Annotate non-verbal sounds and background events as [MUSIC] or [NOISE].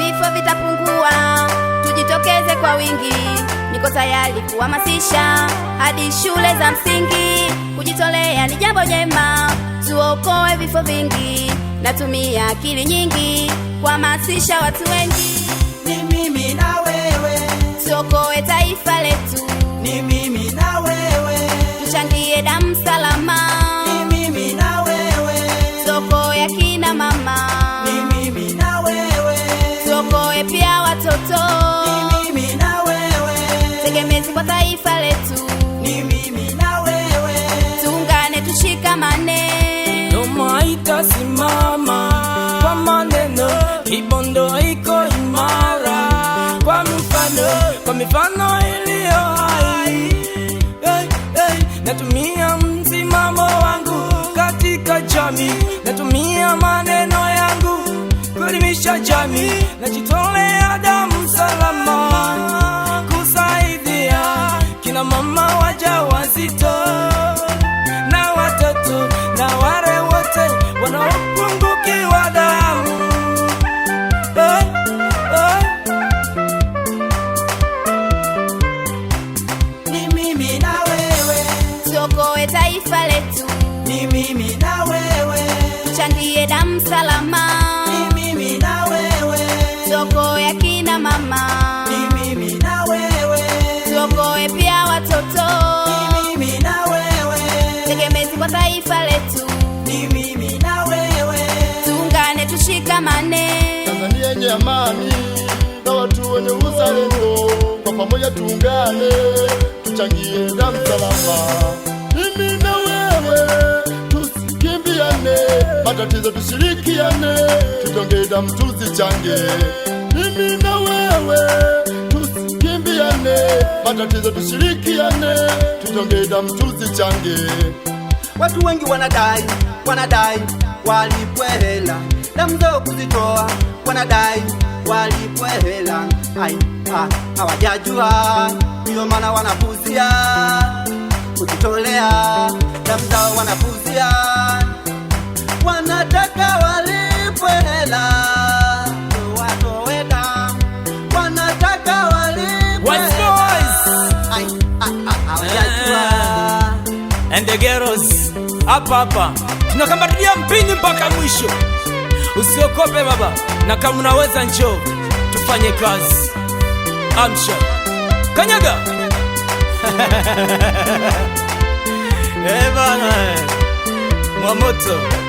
Vifo vitapungua, tujitokeze kwa wingi. Niko tayari kuhamasisha hadi shule za msingi. Kujitolea ni jambo jema, tuokoe vifo vingi. Natumia akili nyingi kuhamasisha watu wengi, ni mimi na wewe, tuokoe Tushikamane, Dodoma itasimama kwa maneno, ibondo iko imara kwa mfano, kwa mifano iliyo hai. Hey, hey, natumia msimamo wangu katika jamii, natumia maneno yangu kulimisha jamii, najitolea damu salama kusaidia kina mama wajawazito pungukiwa damu eh, eh. mimi na wewe tuchangie damu salama, mimi na watu wenye uzalendo, kwa pamoja tuungane, tuchangie damu salama. Mimi na wewe tusikimbiane, matatizo tushirikiane, tutonge damu tuzichange. Mimi na wewe tusikimbiane, matatizo tushirikiane, tutonge damu tuzichange. Watu wengi wanadai wanadai walipwe hela damu zao kuzitoa wanadai walipwe hela ah, hawajajua, ndio maana wanapuzia kujitolea damu wanapuzia wanataka walipwe hela ah, ah, eh. And the girls hapa hapa tunakambarilia mpini mpaka mwisho. Usiokope baba, na kama unaweza njo tufanye kazi. Amsha kanyaga [LAUGHS] eh bana mwamoto